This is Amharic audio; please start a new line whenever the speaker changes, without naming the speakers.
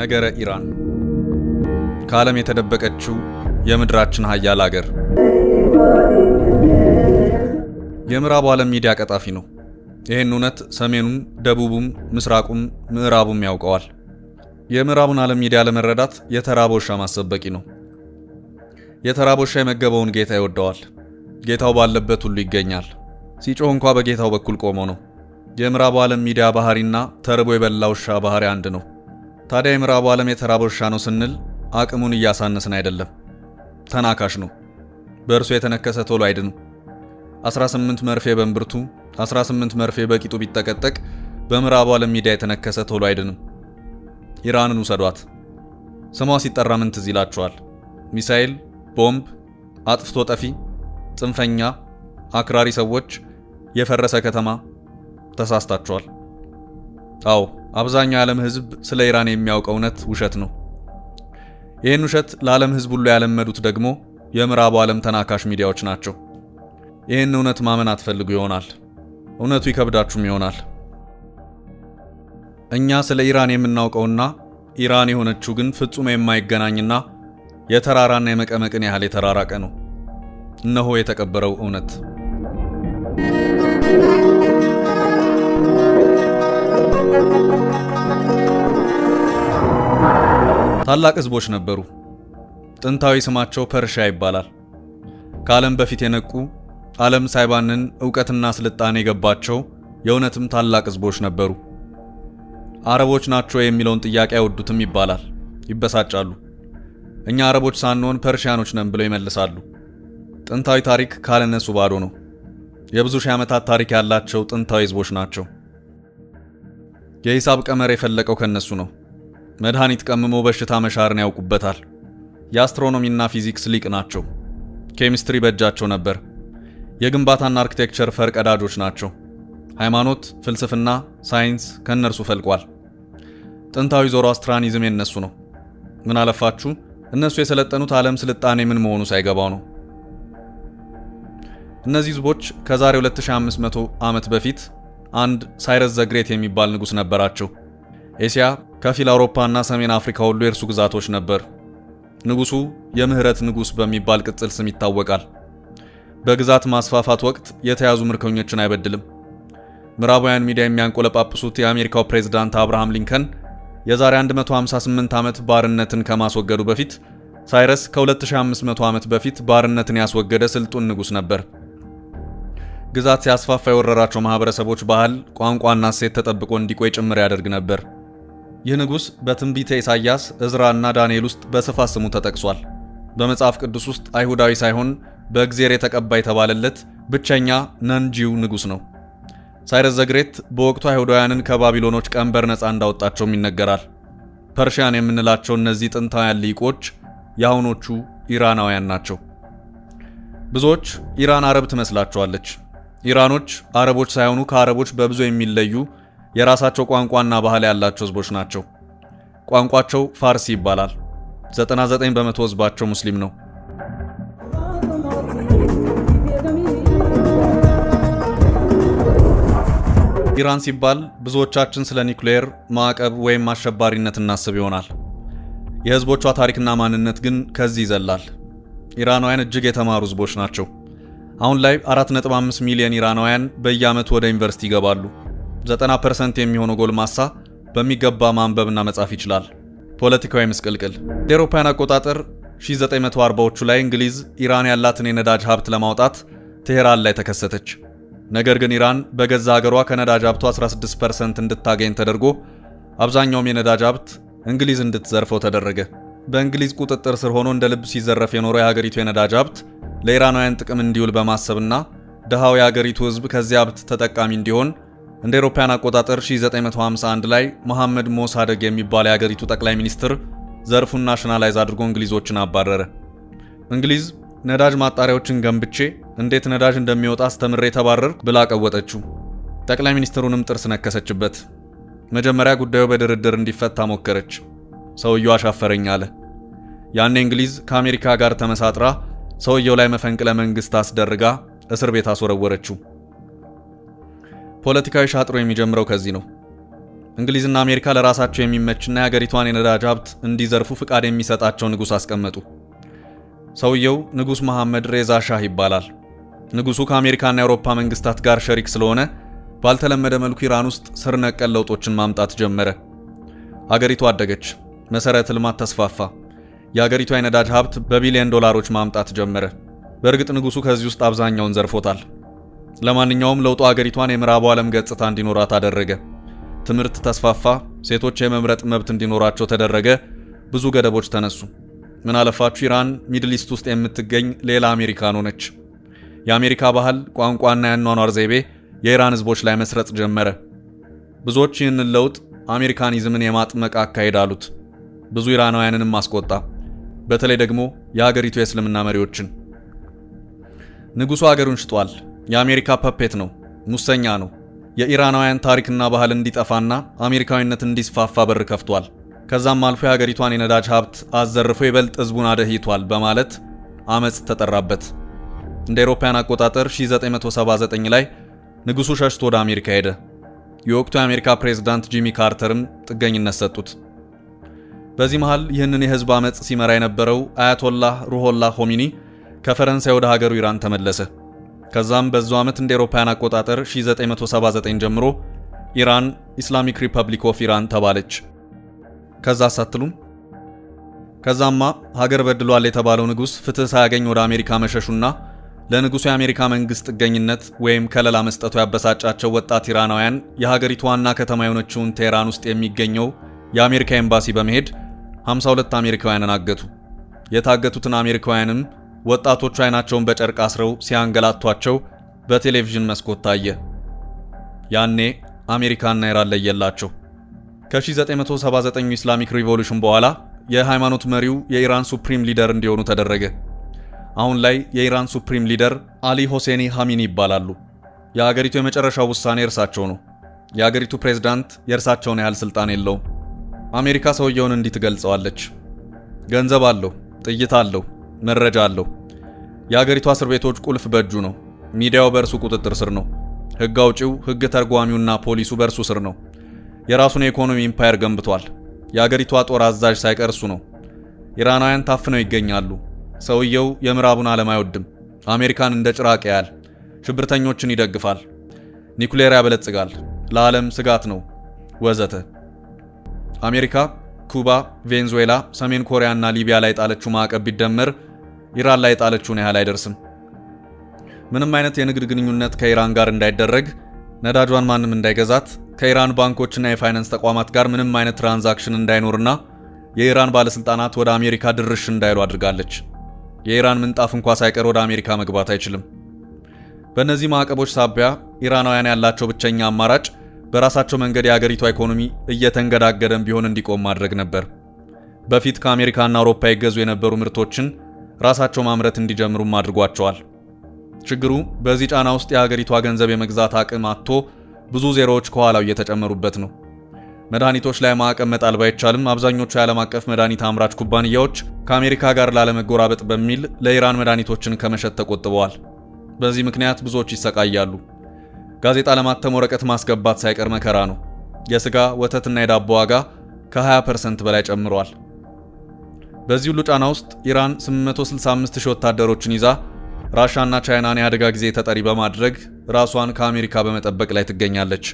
ነገረ ኢራን ከዓለም የተደበቀችው የምድራችን ሀያል አገር የምዕራቡ ዓለም ሚዲያ ቀጣፊ ነው። ይህን እውነት ሰሜኑም፣ ደቡቡም፣ ምስራቁም ምዕራቡም ያውቀዋል። የምዕራቡን ዓለም ሚዲያ ለመረዳት የተራበ ውሻ ነው። የተራበ ውሻ የመገበውን ጌታ ይወደዋል። ጌታው ባለበት ሁሉ ይገኛል። ሲጮህ እንኳ በጌታው በኩል ቆሞ ነው። የምዕራቡ ዓለም ሚዲያ ባህሪና ተርቦ የበላ ውሻ ባህሪ አንድ ነው። ታዲያ የምዕራቡ ዓለም የተራ ውሻ ነው ስንል አቅሙን እያሳነስን አይደለም፣ ተናካሽ ነው። በእርሱ የተነከሰ ቶሎ አይድንም። 18 መርፌ በእምብርቱ 18 መርፌ በቂጡ ቢጠቀጠቅ በምዕራቡ ዓለም ሚዲያ የተነከሰ ቶሎ አይድንም። ኢራንን ውሰዷት። ስሟ ሲጠራ ምን ትዝ ይላችኋል? ሚሳኤል፣ ቦምብ፣ አጥፍቶ ጠፊ፣ ጽንፈኛ፣ አክራሪ ሰዎች፣ የፈረሰ ከተማ። ተሳስታችኋል። አዎ አብዛኛው የዓለም ህዝብ ስለ ኢራን የሚያውቀው እውነት ውሸት ነው። ይህን ውሸት ለዓለም ህዝብ ሁሉ ያለመዱት ደግሞ የምዕራቡ ዓለም ተናካሽ ሚዲያዎች ናቸው። ይህን እውነት ማመን አትፈልጉ ይሆናል። እውነቱ ይከብዳችሁም ይሆናል። እኛ ስለ ኢራን የምናውቀውና ኢራን የሆነችው ግን ፍጹም የማይገናኝና የተራራና የመቀመቅን ያህል የተራራቀ ነው። እነሆ የተቀበረው እውነት ታላቅ ህዝቦች ነበሩ። ጥንታዊ ስማቸው ፐርሻ ይባላል። ከዓለም በፊት የነቁ ዓለም ሳይባንን እውቀትና ስልጣኔ የገባቸው የእውነትም ታላቅ ህዝቦች ነበሩ። አረቦች ናቸው የሚለውን ጥያቄ አይወዱትም ይባላል። ይበሳጫሉ። እኛ አረቦች ሳንሆን ፐርሺያኖች ነን ብለው ይመልሳሉ። ጥንታዊ ታሪክ ካለነሱ ባዶ ነው። የብዙ ሺህ ዓመታት ታሪክ ያላቸው ጥንታዊ ህዝቦች ናቸው። የሂሳብ ቀመር የፈለቀው ከነሱ ነው። መድኃኒት ቀምሞ በሽታ መሻርን ያውቁበታል። የአስትሮኖሚና ፊዚክስ ሊቅ ናቸው። ኬሚስትሪ በእጃቸው ነበር። የግንባታና አርኪቴክቸር ፈርቀዳጆች ናቸው። ሃይማኖት፣ ፍልስፍና፣ ሳይንስ ከእነርሱ ፈልቋል። ጥንታዊ ዞሮ አስትራኒዝም የነሱ ነው። ምን አለፋችሁ እነሱ የሰለጠኑት ዓለም ስልጣኔ ምን መሆኑ ሳይገባው ነው። እነዚህ ህዝቦች ከዛሬ 2500 ዓመት በፊት አንድ ሳይረስ ዘግሬት የሚባል ንጉሥ ነበራቸው። ኤስያ ከፊል አውሮፓና ሰሜን አፍሪካ ሁሉ የእርሱ ግዛቶች ነበር። ንጉሱ የምህረት ንጉስ በሚባል ቅጽል ስም ይታወቃል። በግዛት ማስፋፋት ወቅት የተያዙ ምርኮኞችን አይበድልም። ምዕራባውያን ሚዲያ የሚያንቆለጳጵሱት የአሜሪካው ፕሬዝዳንት አብርሃም ሊንከን የዛሬ 158 ዓመት ባርነትን ከማስወገዱ በፊት ሳይረስ ከ2500 ዓመት በፊት ባርነትን ያስወገደ ስልጡን ንጉስ ነበር። ግዛት ሲያስፋፋ የወረራቸው ማህበረሰቦች ባህል፣ ቋንቋና እሴት ተጠብቆ እንዲቆይ ጭምር ያደርግ ነበር። ይህ ንጉሥ በትንቢተ ኢሳይያስ፣ እዝራና ዳንኤል ውስጥ በስፋት ስሙ ተጠቅሷል። በመጽሐፍ ቅዱስ ውስጥ አይሁዳዊ ሳይሆን በእግዜር የተቀባ የተባለለት ብቸኛ ነንጂው ንጉሥ ነው። ሳይረስ ዘግሬት በወቅቱ አይሁዳውያንን ከባቢሎኖች ቀንበር ነፃ እንዳወጣቸውም ይነገራል። ፐርሺያን የምንላቸው እነዚህ ጥንታውያን ሊቆች የአሁኖቹ ኢራናውያን ናቸው። ብዙዎች ኢራን አረብ ትመስላቸዋለች። ኢራኖች አረቦች ሳይሆኑ ከአረቦች በብዙ የሚለዩ የራሳቸው ቋንቋና ባህል ያላቸው ህዝቦች ናቸው። ቋንቋቸው ፋርሲ ይባላል። 99 በመቶ ህዝባቸው ሙስሊም ነው። ኢራን ሲባል ብዙዎቻችን ስለ ኒውክሌር ማዕቀብ ወይም አሸባሪነት እናስብ ይሆናል። የህዝቦቿ ታሪክና ማንነት ግን ከዚህ ይዘላል። ኢራናውያን እጅግ የተማሩ ህዝቦች ናቸው። አሁን ላይ 4.5 ሚሊዮን ኢራናውያን በየዓመቱ ወደ ዩኒቨርሲቲ ይገባሉ። ዘጠና ፐርሰንት የሚሆነው ጎልማሳ በሚገባ ማንበብና መጻፍ ይችላል። ፖለቲካዊ ምስቅልቅል የአውሮፓውያን አቆጣጠር 1940ዎቹ ላይ እንግሊዝ ኢራን ያላትን የነዳጅ ሀብት ለማውጣት ቴሄራን ላይ ተከሰተች። ነገር ግን ኢራን በገዛ ሀገሯ ከነዳጅ ሀብቱ 16 ፐርሰንት እንድታገኝ ተደርጎ አብዛኛውም የነዳጅ ሀብት እንግሊዝ እንድትዘርፈው ተደረገ። በእንግሊዝ ቁጥጥር ስር ሆኖ እንደ ልብ ሲዘረፍ የኖረው የሀገሪቱ የነዳጅ ሀብት ለኢራናውያን ጥቅም እንዲውል በማሰብና ድሃው የሀገሪቱ ሕዝብ ከዚያ ሀብት ተጠቃሚ እንዲሆን እንደ ኤሮፓያን አቆጣጠር 1951 ላይ መሐመድ ሞሳደግ የሚባል የአገሪቱ ጠቅላይ ሚኒስትር ዘርፉን ናሽናላይዝ አድርጎ እንግሊዞችን አባረረ። እንግሊዝ ነዳጅ ማጣሪያዎችን ገንብቼ እንዴት ነዳጅ እንደሚወጣ አስተምሬ ተባረርኩ ብላ ቀወጠችው። ጠቅላይ ሚኒስትሩንም ጥርስ ነከሰችበት። መጀመሪያ ጉዳዩ በድርድር እንዲፈታ ሞከረች። ሰውየው አሻፈረኝ አለ። ያኔ እንግሊዝ ከአሜሪካ ጋር ተመሳጥራ ሰውየው ላይ መፈንቅለ መንግስት አስደርጋ እስር ቤት አስወረወረችው። ፖለቲካዊ ሻጥሮ የሚጀምረው ከዚህ ነው። እንግሊዝና አሜሪካ ለራሳቸው የሚመችና የአገሪቷን የነዳጅ ሀብት እንዲዘርፉ ፍቃድ የሚሰጣቸው ንጉሥ አስቀመጡ። ሰውየው ንጉሥ መሐመድ ሬዛ ሻህ ይባላል። ንጉሡ ከአሜሪካና የአውሮፓ መንግስታት ጋር ሸሪክ ስለሆነ ባልተለመደ መልኩ ኢራን ውስጥ ስር ነቀል ለውጦችን ማምጣት ጀመረ። አገሪቱ አደገች፣ መሠረተ ልማት ተስፋፋ። የአገሪቷ የነዳጅ ሀብት በቢሊዮን ዶላሮች ማምጣት ጀመረ። በእርግጥ ንጉሡ ከዚህ ውስጥ አብዛኛውን ዘርፎታል። ለማንኛውም ለውጡ አገሪቷን የምዕራቡ ዓለም ገጽታ እንዲኖራት አደረገ። ትምህርት ተስፋፋ፣ ሴቶች የመምረጥ መብት እንዲኖራቸው ተደረገ። ብዙ ገደቦች ተነሱ። ምን አለፋችሁ ኢራን ሚድል ኢስት ውስጥ የምትገኝ ሌላ አሜሪካን ሆነች። የአሜሪካ ባህል፣ ቋንቋና የአኗኗር ዘይቤ የኢራን ህዝቦች ላይ መስረጽ ጀመረ። ብዙዎች ይህንን ለውጥ አሜሪካኒዝምን የማጥመቅ አካሄድ አሉት። ብዙ ኢራናውያንንም አስቆጣ። በተለይ ደግሞ የሀገሪቱ የእስልምና መሪዎችን። ንጉሡ አገሩን ሽጧል። የአሜሪካ ፐፔት ነው፣ ሙሰኛ ነው። የኢራናውያን ታሪክና ባህል እንዲጠፋና አሜሪካዊነት እንዲስፋፋ በር ከፍቷል። ከዛም አልፎ የሀገሪቷን የነዳጅ ሀብት አዘርፎ ይበልጥ ህዝቡን አደህይቷል በማለት አመፅ ተጠራበት። እንደ አውሮፓውያን አቆጣጠር 1979 ላይ ንጉሱ ሸሽቶ ወደ አሜሪካ ሄደ። የወቅቱ የአሜሪካ ፕሬዝዳንት ጂሚ ካርተርም ጥገኝነት ሰጡት። በዚህ መሃል ይህንን የህዝብ አመፅ ሲመራ የነበረው አያቶላህ ሩሆላ ሆሚኒ ከፈረንሳይ ወደ ሀገሩ ኢራን ተመለሰ። ከዛም በዛው ዓመት እንደ አውሮፓውያን አቆጣጠር 1979 ጀምሮ ኢራን ኢስላሚክ ሪፐብሊክ ኦፍ ኢራን ተባለች። ከዛ አሳትሉም። ከዛማ ሀገር በድሏል የተባለው ንጉሥ ፍትህ ሳያገኝ ወደ አሜሪካ መሸሹና ለንጉሱ የአሜሪካ መንግስት ጥገኝነት ወይም ከለላ መስጠቱ ያበሳጫቸው ወጣት ኢራናውያን የሀገሪቱ ዋና ከተማ የሆነችውን ቴህራን ውስጥ የሚገኘው የአሜሪካ ኤምባሲ በመሄድ 52 አሜሪካውያንን አገቱ። የታገቱትን አሜሪካውያንም ወጣቶቹ አይናቸውን በጨርቅ አስረው ሲያንገላቷቸው በቴሌቪዥን መስኮት ታየ። ያኔ አሜሪካና ኢራን ለየላቸው። ከ1979 ኢስላሚክ ሪቮሉሽን በኋላ የሃይማኖት መሪው የኢራን ሱፕሪም ሊደር እንዲሆኑ ተደረገ። አሁን ላይ የኢራን ሱፕሪም ሊደር አሊ ሆሴኒ ሐሚኒ ይባላሉ። የአገሪቱ የመጨረሻው ውሳኔ እርሳቸው ነው። የአገሪቱ ፕሬዝዳንት የእርሳቸውን ያህል ስልጣን የለውም። አሜሪካ ሰውየውን እንዲህ ትገልጸዋለች። ገንዘብ አለው፣ ጥይት አለው፣ መረጃ አለው። የአገሪቷ እስር ቤቶች ቁልፍ በእጁ ነው። ሚዲያው በእርሱ ቁጥጥር ስር ነው። ህግ አውጪው፣ ህግ ተርጓሚውና ፖሊሱ በእርሱ ስር ነው። የራሱን የኢኮኖሚ ኢምፓየር ገንብቷል። የአገሪቷ ጦር አዛዥ ሳይቀር እሱ ነው። ኢራናውያን ታፍነው ይገኛሉ። ሰውየው የምዕራቡን ዓለም አይወድም። አሜሪካን እንደ ጭራቅ ያያል። ሽብርተኞችን ይደግፋል። ኒኩሌር ያበለጽጋል። ለዓለም ስጋት ነው ወዘተ። አሜሪካ ኩባ፣ ቬንዙዌላ፣ ሰሜን ኮሪያ እና ሊቢያ ላይ ጣለችው ማዕቀብ ቢደመር ኢራን ላይ የጣለችውን ያህል አይደርስም። ምንም አይነት የንግድ ግንኙነት ከኢራን ጋር እንዳይደረግ፣ ነዳጇን ማንም እንዳይገዛት፣ ከኢራን ባንኮችና የፋይናንስ ተቋማት ጋር ምንም አይነት ትራንዛክሽን እንዳይኖርና የኢራን ባለስልጣናት ወደ አሜሪካ ድርሽ እንዳይሉ አድርጋለች። የኢራን ምንጣፍ እንኳ ሳይቀር ወደ አሜሪካ መግባት አይችልም። በእነዚህ ማዕቀቦች ሳቢያ ኢራናውያን ያላቸው ብቸኛ አማራጭ በራሳቸው መንገድ የአገሪቷ ኢኮኖሚ እየተንገዳገደም ቢሆን እንዲቆም ማድረግ ነበር። በፊት ከአሜሪካና አውሮፓ ይገዙ የነበሩ ምርቶችን ራሳቸው ማምረት እንዲጀምሩም አድርጓቸዋል። ችግሩ በዚህ ጫና ውስጥ የሀገሪቷ ገንዘብ የመግዛት አቅም አጥቶ ብዙ ዜሮዎች ከኋላው እየተጨመሩበት ነው። መድኃኒቶች ላይ ማዕቀብ መጣል ባይቻልም አብዛኞቹ የዓለም አቀፍ መድኃኒት አምራች ኩባንያዎች ከአሜሪካ ጋር ላለመጎራበጥ በሚል ለኢራን መድኃኒቶችን ከመሸጥ ተቆጥበዋል። በዚህ ምክንያት ብዙዎች ይሰቃያሉ። ጋዜጣ ለማተም ወረቀት ማስገባት ሳይቀር መከራ ነው። የስጋ ወተትና የዳቦ ዋጋ ከ20 በላይ ጨምሯል። በዚህ ሁሉ ጫና ውስጥ ኢራን 865 ሺህ ወታደሮችን ይዛ ራሻና ቻይናን የአደጋ ጊዜ ተጠሪ በማድረግ ራሷን ከአሜሪካ በመጠበቅ ላይ ትገኛለች።